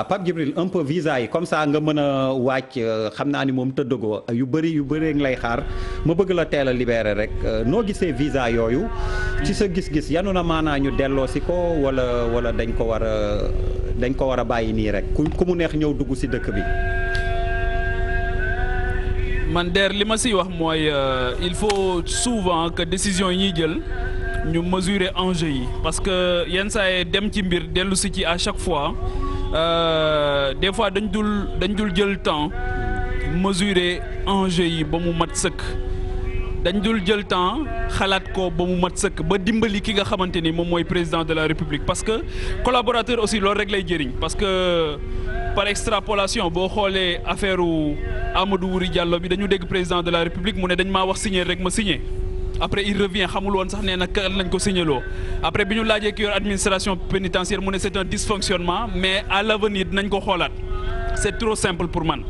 Ah, Pape Djibril un peu visa yi comme ça nga mën a wàcc euh, xam naa ni moom tëddagoo yu bëri yu bëree ngi lay xaar ma bëgg la teel a rek euh, noo gisee visa yooyu. ci sa gis-gis yanu na maanaa ñu delloo si ko wala wala dañ ko war a dañ ko war a bàyyi nii rek ku ku mu neex ñëw dugg si dëkk bi. man der li ma si wax mooy euh, il faut souvent que décision yi ñuy jël ñu mesurer enjeu yi parce que yenn saa dem ci mbir dellu si ci à chaque fois. Euh, des fois dañ dul dañ dul jël temps mesurer enjeu yi ba mu mat sëkk dañ dul jël temps xalaat ko ba mu mat sëkk ba dimbali ki nga xamante ni moom mooy président de la république parce que collaborateur aussi loolu rek lay jëriñ parce que par extrapolation boo xoolee affaire Amadou Wuri Diallo bi dañu dégg président de la république mu ne dañ maa wax signer rek ma signer après il revient xamul sax nee na kan lañ ko signaloo après bi ñu laajee ki yor administration pénitentiaire mu ne c'est un dysfonctionnement mais à l'avenir dinañ ko xoolaat c'est trop simple pour man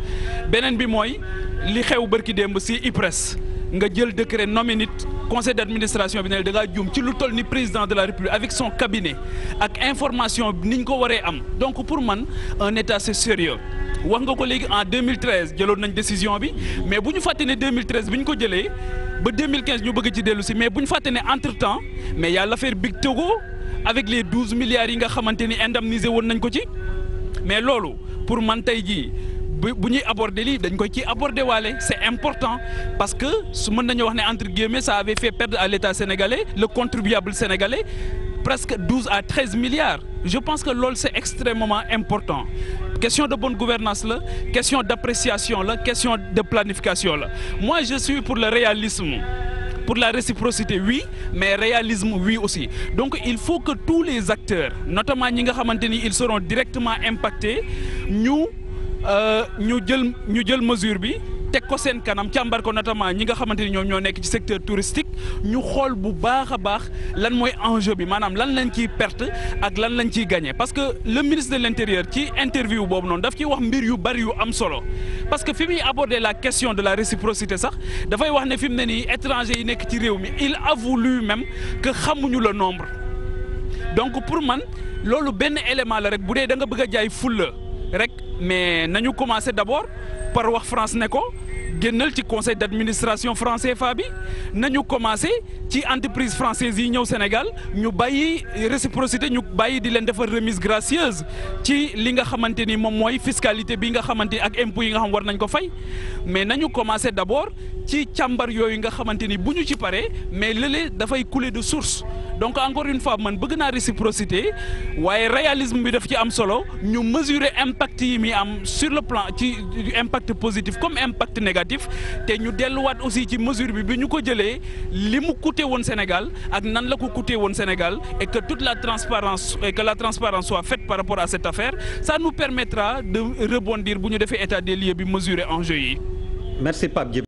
beneen bi mooy li xew bërki demb si IPRES nga jël décret nommé nit conseil d'administration bi ne da ngaa juum ci lu toll ni président de la république avec son cabinet ak information ni ñu ko waree am donc pour man un état c'est sérieux wax nga ko léegi en 2013 jëloon nañ décision bi mais bu ñu fàtte ne 2013 bi ñu ko jëlee. ba 2015 ñu bëgg ci dellu si mais bu ñu fàtte ne entre temps mais y a l'affaire Big Togo avec les 12 milliards yi nga xamante ni indemnisé woon nañ ko ci mais loolu pour man tey jii bu bu ñuy aborder lii dañ koy ci aborder waale c'est important parce que su mën nañu wax ne entre guillemets ça avait fait perdre à l'État sénégalais le contribuable sénégalais presque 12 à 13 milliards je pense que lool c'est extrêmement important question de bonne gouvernance la question d'appréciation la question de planification la moi je suis pour le réalisme pour la réciprocité oui mais réalisme oui aussi donc il faut que tous les acteurs notamment ñi nga xamante ni ils seront directement impactés ñu euh, ñu jël ñu jël mesure bi teg ko seen kanam càmbar ko notamment ñi nga xamante ni ñoom ñoo nekk ci secteur touristique ñu xool bu baax a baax lan mooy enjeu bi maanaam lan lañ ciy perte ak lan lañ ciy gagné parce que le ministre de l' ci interview boobu noonu daf ciy wax mbir yu bari yu am solo parce que fi muy aborder la question de la réciprocité sax dafay wax ne fi mu ne nii étranger yu nekk ci réew mi il avoue lui-même que xamuñu la nombre donc pour man loolu benn élément la rek bu dee da nga bëgg a jaay fulla rek. mais nañu commencé d'abord par wax France ne ko génnal ci conseil d'administration français CFA bi nañu commencé ci entreprise française yi ñëw Sénégal ñu bàyyi réciprocité ñu bàyyi di leen defar remise gracieuse ci li nga xamante ni moom mooy fiscalité bi nga xamante ak impôts yi nga xam war nañ ko fay mais nañu commencé d'abord ci càmbar yooyu nga xamante ni bu ñu ci paree mais lële dafay couler de source donc encore une fois man bëgg naa réciprocité waaye réalisme bi def ci am solo ñu mesurer impact yi muy am sur le plan ci impact positif comme impact négatif te ñu delluwaat aussi ci mesure bi bi ñu ko jëlee li mu coûté woon Sénégal ak nan la ko coûté woon Sénégal et que toute la transparence et que la transparence soit faite par rapport à cette affaire ça nous permettra de rebondir bu ñu defee état des lieux bi mesurer enjeu yi merci Pape